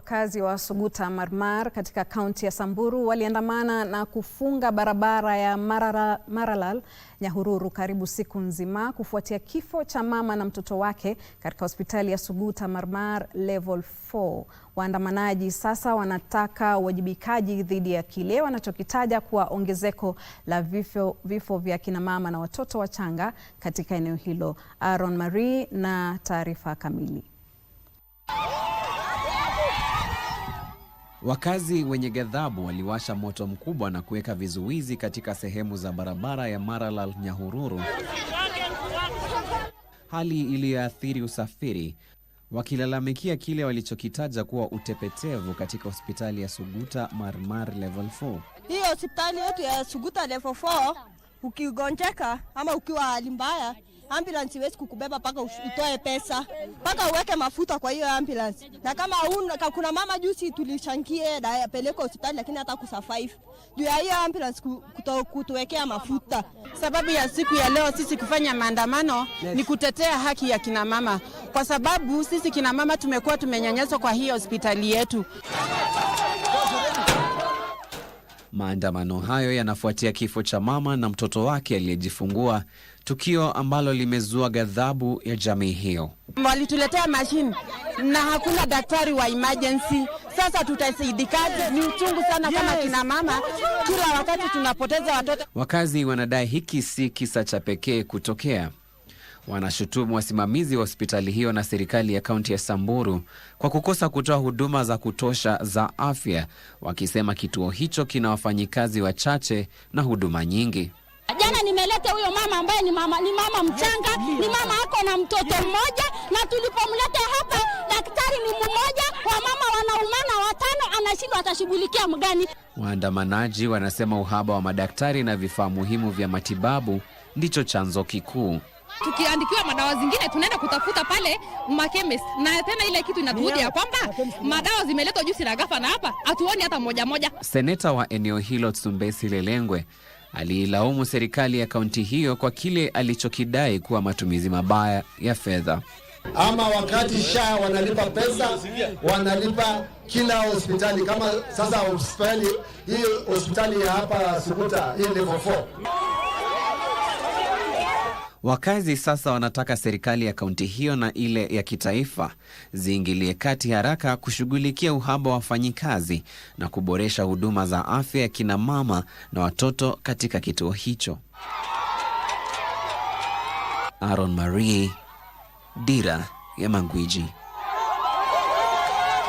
Wakazi wa Suguta Marmar katika kaunti ya Samburu waliandamana na kufunga barabara ya Marara, Maralal Nyahururu karibu siku nzima kufuatia kifo cha mama na mtoto wake katika hospitali ya Suguta Marmar Level 4. Waandamanaji sasa wanataka uwajibikaji dhidi ya kile wanachokitaja kuwa ongezeko la vifo, vifo vya kina mama na watoto wachanga katika eneo hilo. Aaron Marie na taarifa kamili. Wakazi wenye ghadhabu waliwasha moto mkubwa na kuweka vizuizi katika sehemu za barabara ya Maralal Nyahururu, hali iliyoathiri usafiri, wakilalamikia kile walichokitaja kuwa utepetevu katika hospitali ya Suguta Marmar level 4. Hiyo hospitali yetu ya Suguta level 4, ukigonjeka ama ukiwa hali mbaya ambulance iwezi kukubeba mpaka utoe pesa mpaka uweke mafuta kwa hiyo ambulance. Na kama una, kuna mama juzi tulichangie na peleko hospitali lakini hata survive juu ya hiyo ambulance kutuwekea mafuta. Sababu ya siku ya leo sisi kufanya maandamano ni kutetea haki ya kinamama, kwa sababu sisi kinamama tumekuwa tumenyanyaswa kwa hii hospitali yetu. Maandamano hayo yanafuatia kifo cha mama na mtoto wake aliyejifungua, tukio ambalo limezua ghadhabu ya jamii hiyo. Walituletea mashini na hakuna daktari wa emergency. Sasa tutasaidikaje? Ni uchungu sana kama kina mama, kila wakati tunapoteza watoto. Wakazi wanadai hiki si kisa cha pekee kutokea wanashutumu wasimamizi wa hospitali hiyo na serikali ya kaunti ya Samburu kwa kukosa kutoa huduma za kutosha za afya, wakisema kituo hicho kina wafanyikazi wachache na huduma nyingi. Jana nimeleta huyo mama ambaye ni mama, ni mama mchanga, ni mama ako na mtoto mmoja, na tulipomleta hapa daktari ni mmoja, wa mama wanaumana watano, anashindwa atashughulikia mgani? Waandamanaji wanasema uhaba wa madaktari na vifaa muhimu vya matibabu ndicho chanzo kikuu tukiandikiwa madawa zingine tunaenda kutafuta pale makemist, na tena ile kitu inatuudi ya kwamba madawa zimeletwa juu na gafa, na hapa hatuoni hata moja moja. Seneta wa eneo hilo Tsumbesi Lelengwe aliilaumu serikali ya kaunti hiyo kwa kile alichokidai kuwa matumizi mabaya ya fedha. Ama wakati SHA wanalipa pesa, wanalipa kila hospitali. Kama sasa hospitali hii, hospitali ya hapa Sukuta hii level 4 Wakazi sasa wanataka serikali ya kaunti hiyo na ile ya kitaifa ziingilie kati haraka kushughulikia uhaba wa wafanyikazi na kuboresha huduma za afya ya kina mama na watoto katika kituo hicho. Aaron Marie, Dira ya Mangwiji.